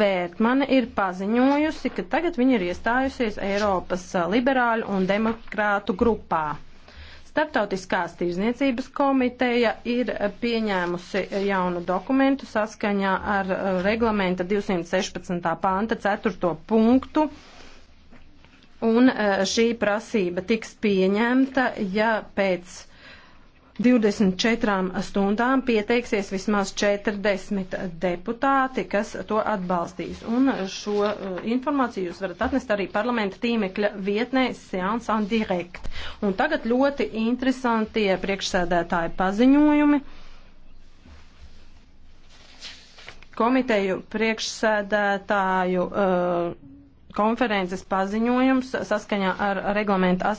Vērtmane ir paziņojusi, ka tagad viņa ir iestājusies Eiropas liberāļu un demokrātu grupā. Startautiskās tirzniecības komiteja ir pieņēmusi jaunu dokumentu saskaņā ar reglamenta 216. panta 4. punktu. Un šī prasība tiks pieņemta, ja pēc 24 stundām pieteiksies vismaz 40 deputāti, kas to atbalstīs. Un šo eh, informāciju jūs varat atnest arī parlamenta tīmekļa vietnē Seance en Direct. Un tagad ļoti interesantie priekšsēdētāji paziņojumi. komiteju priekšsēdētāju uh, konferences paziņojums saskaņā ar reglamentu 8.